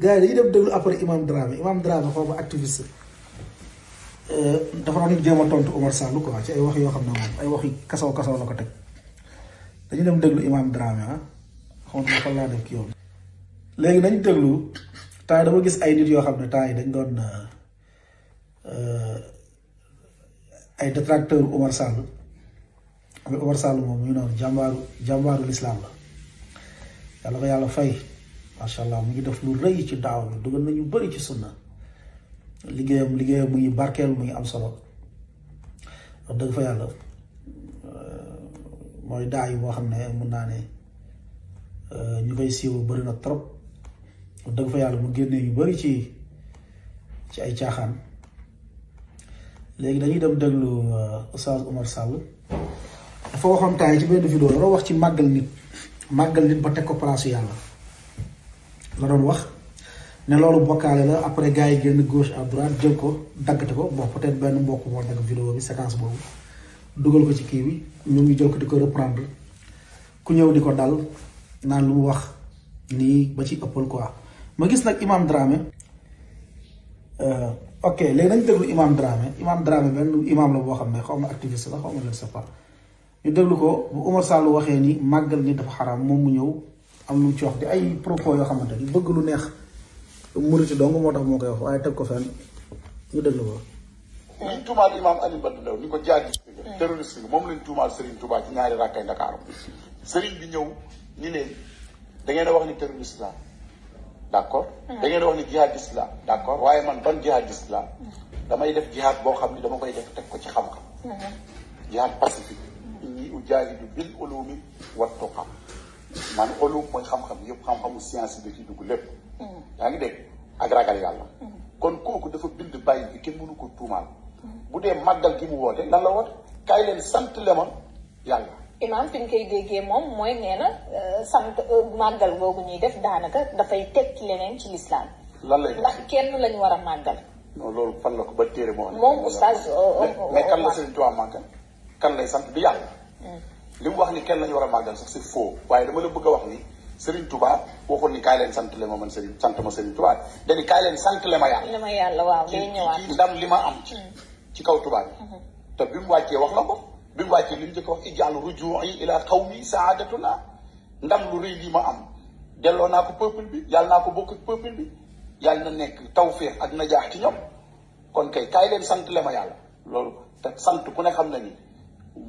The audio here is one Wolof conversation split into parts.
gars yi dañuy dem déglu après imam Dramé imam Dramé xaw ma activiste euh, dafa doon jéem a tontu Omar Sall quoi ci ay wax yoo xam ne moom ay wax yu kasaw kasaw la ko teg dañu dem déglu imam Dramé ah xaw ma fan laa def ki yow. léegi nañu déglu temps yi dama gis ay nit yoo xam ne temps yi dañ doon euh, ay détracteur Omar Sall mais Omar Sall moom ñu naan jàmbaaru jàmbaaru l'islam la yàlla ko yàlla fay. macha allah mu ngi def lu rëy ci daaw bi dugal nañu bëri ci sunna liggéeyam liggéeyam mu ngi barkeel mu ngi am solo wax dëgg fa yàlla euh, mooy daa yi boo xam ne mun naa ne euh, ñu koy siiw bëri na trop wax dëgg fa yàlla mu génnee yu bari ci ci ay caaxaan léegi dañuy dem déglu euh, Oustaz Oumar Sall dafa waxoon temps ci benn vidéo dafa wax ci màggal nit màggal nit ba teg ko palaasu yàlla la doon wax ne loolu bokkaale la après gars yi génn gauche à droite jël ko daggate ko bon peut benn mbokk moo dagg vidéo bi séquence boobu dugal ko ci kii bi ñu ngi jël ko di ko reprendre ku ñëw di ko dal naan lu mu wax nii ba ci ëppal quoi ma gis nag Imam Dramé euh, ok léegi nañ déglu Imam Dramé Imam Dramé benn imam la boo xam ne xaw ma activiste la xaw ma je ne sais ñu déglu ko bu Umar Sall waxee ni màggal ni dafa xaraam moom mu ñëw. am lu mu ci wax di ay propos yoo xamante ni bëgg lu neex muriti dong moo tax moo koy wax waaye teg ko fenn ñu déglu ko. liñ tuumaal imaam Alioune Badou Ndao ni ko jaajëf. terroriste bi moom lañ tuumaal Serigne Touba ci ñaari rakkay Ndakaaru. Serigne bi ñëw ni leen da ngeen a wax ni terroriste la d' accord. da ngeen a wax ni jihadiste la d' accord waaye man ban jihadiste la damay def jihad boo xam ni dama koy def teg ko ci xam-xam. Mhm. jihad pacifique. inni ujahidu bil ulumi wat tuqa maanaam ulum mooy xam-xam yëpp xam-xamu science bi ci dugg lépp. Mm-hmm. yaa ngi dégg ak ragal yàlla. Mm-hmm. kon kooku dafa bind bàyyi bi kenn mënu ko tuumaal. Mm-hmm. bu dee màggal gi mu woote lan la woote kaay leen sant le ma yàlla. imaam fi ñu koy déggee moom mooy nee na euh, sant euh, màggal googu ñuy def daanaka dafay tekki leneen ci lislaam lan lay ndax kenn lañu war a màggal. non loolu fan la ko ba téere moo. moom oustaz. Euh, mais kan la sëñ Tuubaa màggal kan lay sant bi yàlla. Mm. li wax ni kenn lañu war a màggal sax c'est faux waaye dama la bëgg a wax ni Serigne Touba waxoon ni kaay leen sant le ma man seen sant ma seen Touba dañu kaay leen sant le ma yàlla. le ma yàlla waaw ma am. ci mm. kaw Touba mm-hmm. te bi mu wàccee wax la ko mm-hmm. bi mu wàccee li mu njëkk wax ijaal ruju'i ila qawmi saadatuna ndam lu rëy li ma am delloo naa ko peuple bi yàlla naa ko bokk ak bi yàlla na nekk tawféex ak najaax ci ñoom kon kay kaay sant le loolu te sant ku ne xam na ni.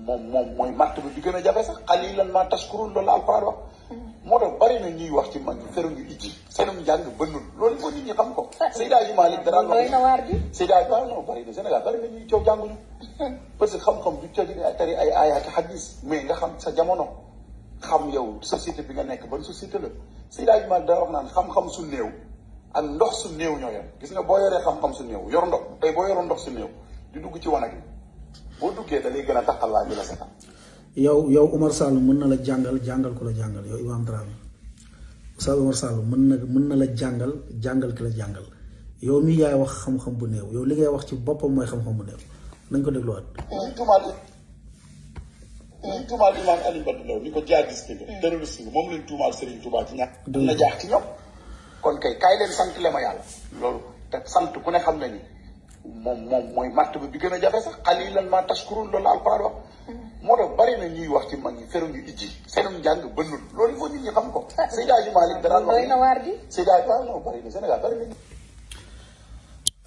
moom moom mooy matt bi di gën a jafe sax xalilan ma tashkurun loolu la alxuraan wax moo tax bari na ñuy wax ci mag ñi feru ñu ijji seenum njàng bënnul loolu ko nit ñi xam ko Seyda Ji Malick dara wax Seyda Ji Malick bari na Sénégal bari na ñuy coow jànguñu parce que xam-xam du coow ay tari mais nga xam sa jamono xam yow société bi nga nekk ban société la Seyda Ji Malick dara wax naan xam-xam su néew ak ndox su néew ñoo yem gis nga boo yoree xam-xam su néew yor ndox tey boo yoroon ndox su néew di dugg ci wanag yi boo duggee da lay gën a taxal waa ji la seetaan. yow yow Umar Sall mën na la jàngal jàngal ku la jàngal yow Imaam Dramé Oustaz Umar mën na mën na jàngal jàngal ki la jàngal yow mii yaay wax xam-xam bu néew yow li ngay wax ci boppam mooy xam-xam bu néew nañ ko dégluwaat. ñuy tuumaal ñuy tuumaal Imaam Alioune ko jihadiste hmm. moom lañ tuumaal Serigne Touba ci ñàkk. na jaax ci ñoom. kon kay kaay leen sant le yàlla. loolu te sant ku ne xam nañu. moom moom mooy martaba bi gën a jafe sax xalilan ma tashkurun loolu alquran wax moo tax bari na ñuy wax ci mag ñi feru ñu ijji seenum njàng bënnul loolu il faut nit ñi xam ko Seydi Hadji Malick danaan wax Seydi Hadji Malick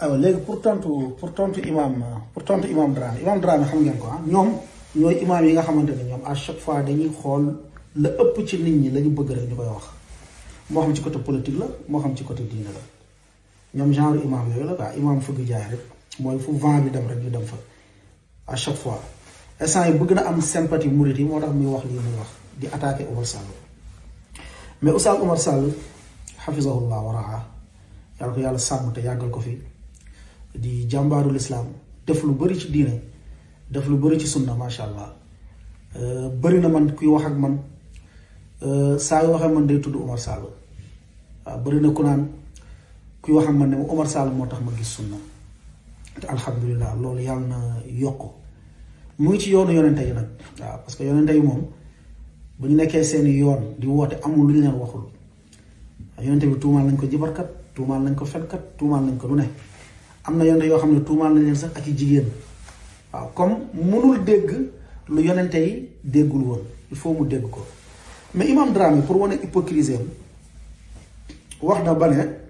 non ah, pour tontu pour tontu imam pour tontu imam Dramé imam Dramé xam ngeen ko ah, ñoom ñooy imam yi nga xamante ne ñoom à chaque fois dañuy xool la ëpp ci nit ñi lañu ñu bëgg rek ñu koy wax moo xam ci côté politique la moo xam ci côté diine la ñoom genre imam yooyu la quoi imam fëgg jaay rek mooy fu vent bi dem rek ñu dem fa à chaque fois instant yi bëgg na am sympathie murit yi moo tax muy wax lii muy wax di attaqué Oumar Sall mais Oustaz Oumar Sall xafisahullah wa raa yàlla ko yàlla sàmm te yàggal ko fi di jàmbaaru lislaam def lu bëri ci diine def lu bëri ci sunna macha allah euh, bëri na man kuy wax ak man euh, saa yu waxee man day tudd Oumar Sall waaw bëri na ku naan kuy wax man ne ma Omar Sall moo tax ma gis sunna te alhamdulilah loolu yàlla na yokk mu ngi ci yoonu yonente yi nag waaw parce que yonente yi moom bu ñu nekkee seen yoon di woote amul lu ñu leen waxul yonente bi tuumaal nañ ko jibarkat tuumaal nañ ko fenkat tuumaal nañ ko lu ne am na yonente yoo xam ne tuumaal nañ leen sax ak i jigéen waaw comme mënul dégg lu yonente yi déggul woon il faut mu dégg ko mais imam Dramé pour wane hypocrisie wax na ba ne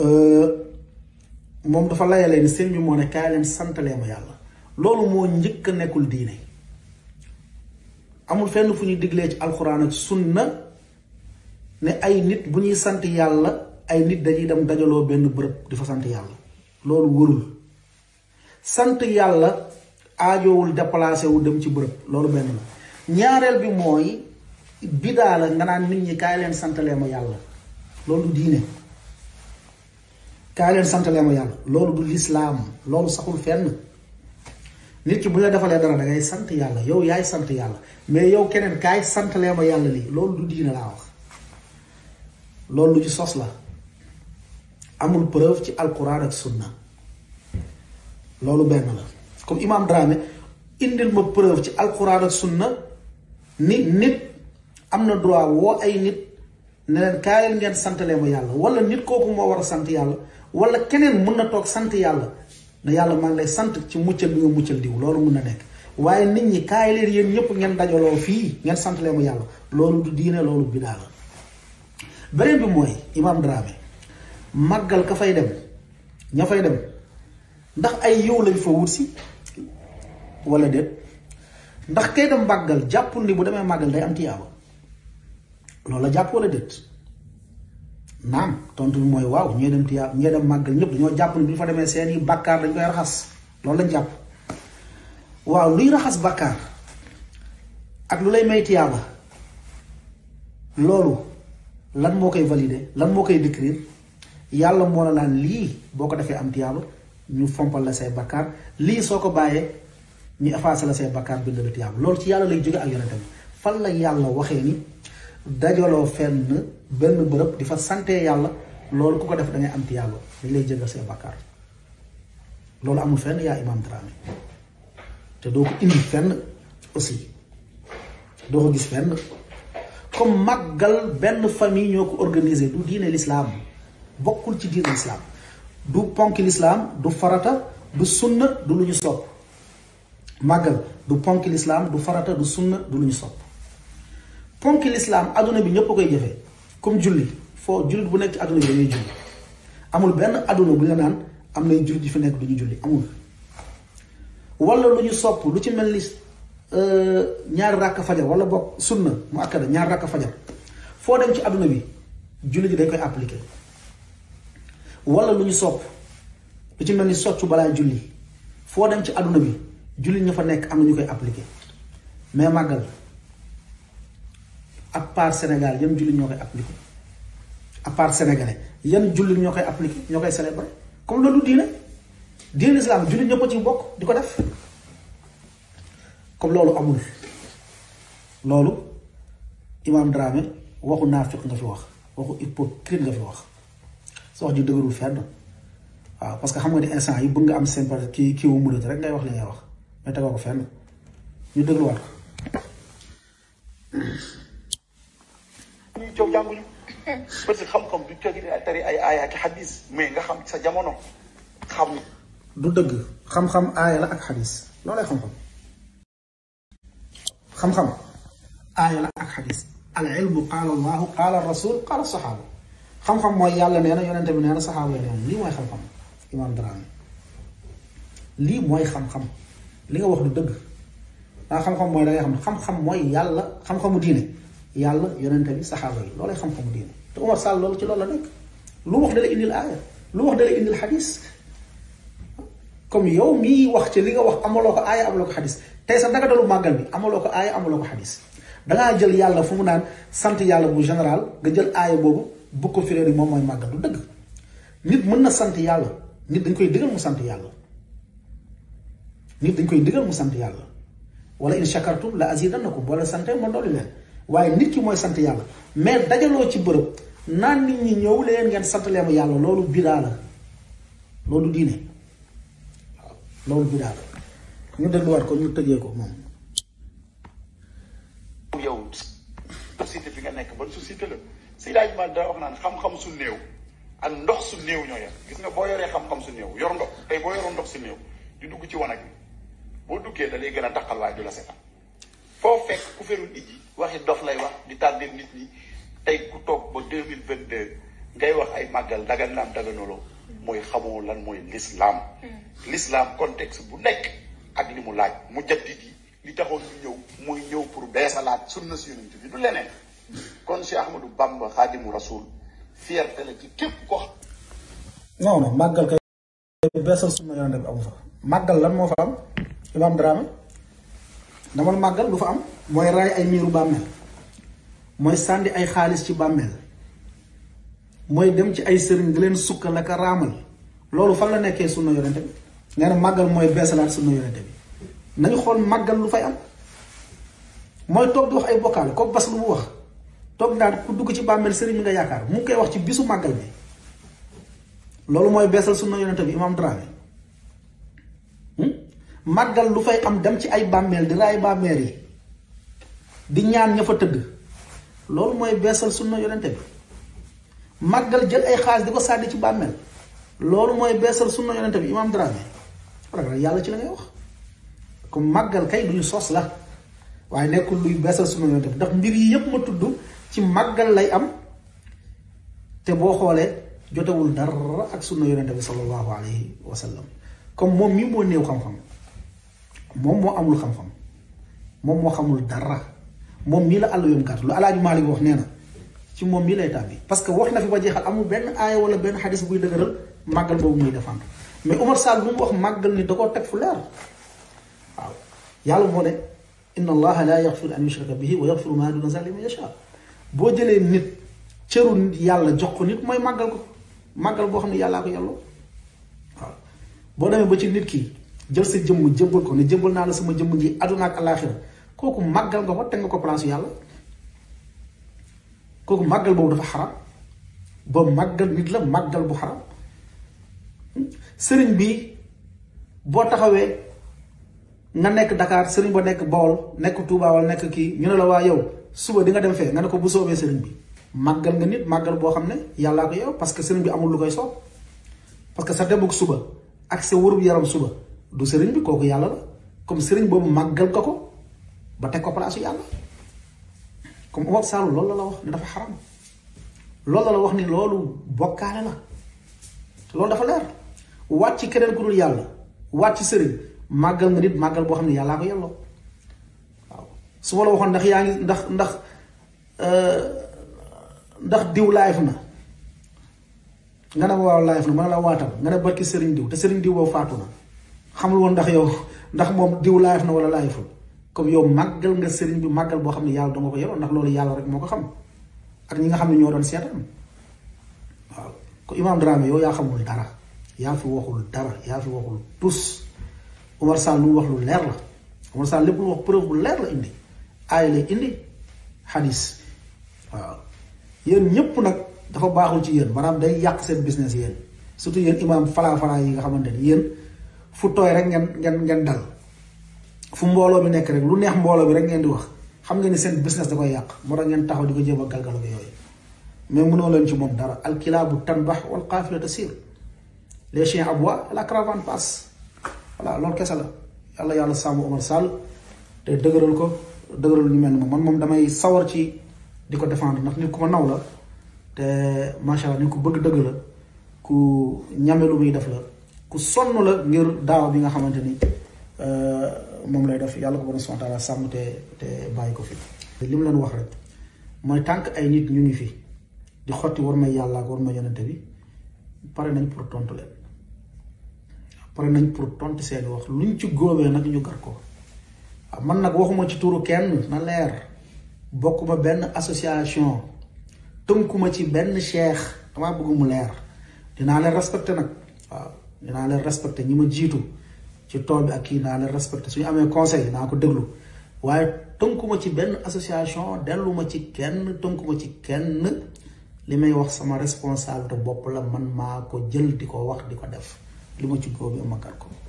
Euh, moom dafa layalee leen sëñ bi moo ne kaay leen santalee ma yàlla loolu moo njëkk a nekkul diine amul fenn fu ñuy diglee ci alxuraan ak sunna ne ay nit bu ñuy sant yàlla ay nit dañuy dem dajaloo benn bërëb di fa sant yàlla loolu wërul sant yàlla aajoowul déplacé wu dem ci bërëb loolu benn la ñaareel bi mooy bidaa la nga naan nit ñi kaay leen santalee ma yàlla loolu diine kaa leen santalee ma yàlla loolu du lislaam loolu saxul fenn nit ki bu la defalee dara da sant yàlla yow yaay sant yàlla mais yow keneen kaay santalee ma yàlla lii loolu du diine laa wax loolu lu ci sos la amul preuve ci alquran ak loolu benn la comme imam Dramé indil ci alquran ak sunna ni nit am na droit nit ne leen kaay leen ngeen santalee ma yàlla wala nit kooku moo war a sant yàlla wala keneen mun na toog sant yàlla ne yàlla maa ngi lay sant ci muccal bi nga muccal diw loolu mun na nekk waaye nit ñi kaay leen yéen ñëpp ngeen dajaloo fii ngeen santlee mu yàlla loolu du diine loolu bidaa la beneen bi mooy Imam Dramé màggal ka fay dem ña fay dem ndax ay yow lañ fa wut si wala déet ndax kay dem màggal jàppul ni bu demee màggal day am tiyaaba loolu la jàpp wala déet naam tontu bi mooy waaw ñee dem tiyaab ñee dem màggal ñëpp dañoo jàpp ne bu ñu fa demee seen yi bàkkaar dañ koy raxas loolu lañ jàpp waaw raxas bàkkaar ak lu lay may loolu lan moo koy valide lan moo koy décrire yàlla moo la lii boo ko defee am tiyaaba ñu fompal la say bàkkaar lii soo ko bàyyee ñu effacer la say bàkkaar bind la tiyaaba loolu ci yàlla lay jóge ak yonentam fan la yàlla waxee ni dajaloo fenn benn bërëb di fa sante yàlla loolu ku ko def da ngay am tiyaaba dañ lay jéggal say bàkkaar loolu amul fenn yaa Imam Dramé te doo ko indi fenn aussi doo ko gis fenn comme màggal benn famille ñoo ko organisé du diine lislaam bokkul ci diine lislaam du ponk lislaam du farata du sunna du lu ñu sopp màggal du ponk lislaam du farata du sunna du lu ñu sopp ponk lislaam adduna bi ñépp koy jëfee comme julli foo jullit bu nekk ci àdduna bi dañuy julli amul benn àdduna bu nga naan am na jullit yu fi nekk du ñu julli amul walla lu ñu sopp lu ci mel ni euh, ñaari ràkk wala boog sunna mu ñaari ràkk fajar foo dem ci àdduna bi jullit yi dañ koy appliquer wala lu ñu lu ci mel ni soccu balaa julli foo dem ci àdduna bi jullit ña fa nekk am na ñu koy appliquer mais màggal à part Sénégal yan jullit ñoo koy appliqué à part sénégalais yan jullit ñoo koy appliqué ñoo koy célébré comme loolu diine diine islam jullit ñoo ko ci bokk di ko def comme loolu amul loolu Imam Dramé waxu naafiq nga fi wax waxu hypocrite nga fi wax sa wax ji dëgërul fenn waaw parce que xam nga ni instant yi bugg nga am seen kii kii wu mu rek ngay wax li ngay wax mais tegoo ko fenn ñu dégluwaat ko. fi coow jànguñu parce que xam-xam du coow nga xam sa jamono xam. du dëgg xam-xam aaya la ak xadis loolay xam-xam. xam-xam la ak xadis. al ilmu qaala allahu qaala xam-xam mooy yàlla nee na yonente bi nee na saxaaba yi nee lii mooy xam-xam imaam Dramé xam-xam li wax du dëgg ndax xam-xam mooy da ngay xam xam-xam mooy yàlla xam-xamu yàlla yonente bi saxaaba yi loolay xam-xamu diine te Omar Sall loolu ci loolu la nekk lu wax dalay indil aaya lu wax dalay indil xadis comme yow mii wax ci li nga wax amaloo ko aaya amaloo ko xadis tey sax naka dalu màggal bi amaloo ko aaya amaloo ko xadis dangaa jël yàlla fu mu naan sant yàlla bu général nga jël aaya boobu bu ko firée ni moom mooy màggal du dëgg nit mën na sant yàlla nit dañ koy digal mu sant yàlla nit dañ koy digal mu sant yàlla wala in shakartum la azidannakum wala sante ma dolli leen waaye nit ki mooy sant yàlla mais dajaloo ci bërëb naan nit ñi ñëw leen ngeen sant leen yàlla loolu bidaa la loolu diine waaw loolu bidaa la ñu dégluwaat ko ñu tëjee ko moom. yow société bi nga nekk ban société la si laaj ma da wax naan xam-xam su néew ak ndox su néew ñoo yem gis nga boo yoree xam-xam su néew yor ndox tey boo yoroon ndox su néew di dugg ci wanag bi boo duggee da lay gën a taqal du la setal foo fekk couverture nit yi waxi dof lay wax di tardé nit ñi tey ku toog ba deux mille vingt deux ngay wax ay màggal dagan naam daganolo mooy xamoo lan mooy l'islam mm. l'islam contexte bu nekk ak li mu laaj mu jaddit yi li taxoon ñu ñëw mooy ñëw pour beesalaat sunna si yonent bi du leneen kon si Ahmadou Bamba xaadimu rasuul fierté la ci képp ko non non màggal kay beesal sunna yonent bi amu fa màggal lan moo fa am imaam Dramé ndamal màggal du fa am mooy raay ay miiru bàmmeel mooy sànni ay xaalis ci bàmmeel mooy dem ci ay sëriñ di leen sukkal ak raamal loolu fan la nekkee sunna yonente bi nee na màggal mooy beesalaat sunna yonente bi nañu xool màggal lu fay am mooy toog du wax ay bokkaal ko bas lu mu wax toog naan ku dugg ci bàmmeel sëriñ bi nga yaakaar mu ngi koy wax ci bisu màggal bi loolu mooy beesal sunna yonente bi imaam Dramé màggal lu fay am dem ci ay bàmmeel di raay bàmmeel yi di ñaan ña fa tëdd loolu mooy beesal sunna yonente bi màggal jël ay xaalis di ko sàddi ci bàmmeel loolu mooy beesal sunna yonente bi imaam Dramé yàlla ci la ngay wax comme màggal kay duñu sos la waaye nekkul luy beesal sunna yonente bi ndax mbir yi yépp ma tudd ci màggal lay am te boo xoolee jotewul dara ak sunna yonente bi sallallahu alayhi wa sallam comme moom mii moo néew xam-xam moom moo amul xam-xam moom moo xamul dara moom mii la àll yom gàtt lu alaaji Maalik wax nee na ci moom mii lay tàbbi parce que wax na fi ba jeexal amul benn aaya wala benn xadis buy dëgëral màggal boobu muy défendre mais Omar Sall bu màggal ni da koo teg fu leer yàlla moo ne inna allaha la yaxfiru an yushraka bihi wa yaxfiru ma duna zalika boo jëlee nit cëru nit yàlla jox ko mooy màggal ko màggal boo xam ne yàllaa ko yàlloo waaw boo demee ba ci nit kii jël sa jëmm jëmbal ko ne jëmbal naa la sama jëmm ji àdduna ak àllaaxira kooku màggal nga ko te nga ko place yàlla kooku màggal boobu dafa xaram màggal la màggal bu xaram sëriñ bi boo taxawee nga nekk Dakar sëriñ ba nekk Bawol nekk Touba wala nekk kii ñu ne la waa yow suba di nga dem fee ne ko bu soobee sëriñ bi màggal nga nit màggal boo xam ne yàllaa ko yow parce que sëriñ bi amul lu koy soob parce que dem debug suba ak sa wërub yaram suba. du sëriñ bi kooku yàlla la comme sëriñ boobu màggal ko ko ba teg ko palaasu yàlla comme Omar Sall loolu la la wax ne dafa xaram loolu la la wax ni loolu bokkaale la loolu dafa leer wàcc ci keneen ku dul yàlla wàcc ci sëriñ màggal nga nit màggal boo xam ne yàllaa ko yelloo waaw su ma la waxoon ndax yaa ngi ndax ndax euh, ndax diw live na nga ne ma waaw live na mën na la waatal nga ne barki sëriñ diw te sëriñ diw boobu faatu na. xamul woon ndax yow ndax moom diw laayaf na wala laayaful comme yow màggal nga sëriñ bi màggal boo xam ne yàlla danga ko yoroon ndax loolu yàlla rek moo ko xam ak ñi nga xam ne ñoo doon seetaan waaw ko Imaam Dramé yow yaa xamul dara yaa fi waxul dara yaa fi waxul tus Omar Sall lu wax lu leer la Omar Sall lépp lu wax preuve bu leer la indi aay indi xadis waaw yéen ñëpp nag dafa baaxul ci yéen maanaam day yàq seen business yéen surtout yéen imaam yi nga xamante ni fu tooy rek ngeen ngeen ngeen dal fu mbooloo bi nekk rek lu neex mbooloo bi rek ngeen di wax xam nga ni seen business da koy yàq moo tax ngeen taxaw di ko jéem a galgal ko mais mënoo leen ci moom dara alkilaabu tanbax wal qaafila tasir les chiens aboient la caravane passe voilà loolu kese la yàlla yàlla sàmm Omar Sall te dëgëral ko dëgëral ñu mel ni moom man moom damay sawar ci di ko défendre ndax nit ku ma naw la te macha allah nit ku bëgg dëgg la ku ñame lu def la ku sonn la ngir daaw bi nga xamante ni euh, moom lay def yàlla ko borom subhanahu wa te te bàyyi ko fi. li mu leen wax rek mooy tànk ay nit ñu ngi fi di xotti war may yàlla ak war may yonente bi pare nañ pour tontu leen pare nañ pour tontu seen wax luñ ci góobee nag ñu gar ko ah, man nag waxuma ci turu kenn na leer bokkuma benn association tënkuma ci benn cheikh damaa bëgg mu leer dinaa leen respecté nag waaw. dinaa leen respecté ñi ma jiitu ci tool bi ak kii naa leen respecté suñu amee conseil naa ko déglu waaye tënkuma ci benn association delluma ci kenn tënkuma ci kenn li may wax sama responsabilité bopp la man maa ko jël di ko wax di ko def li ma ci góob ma kar ko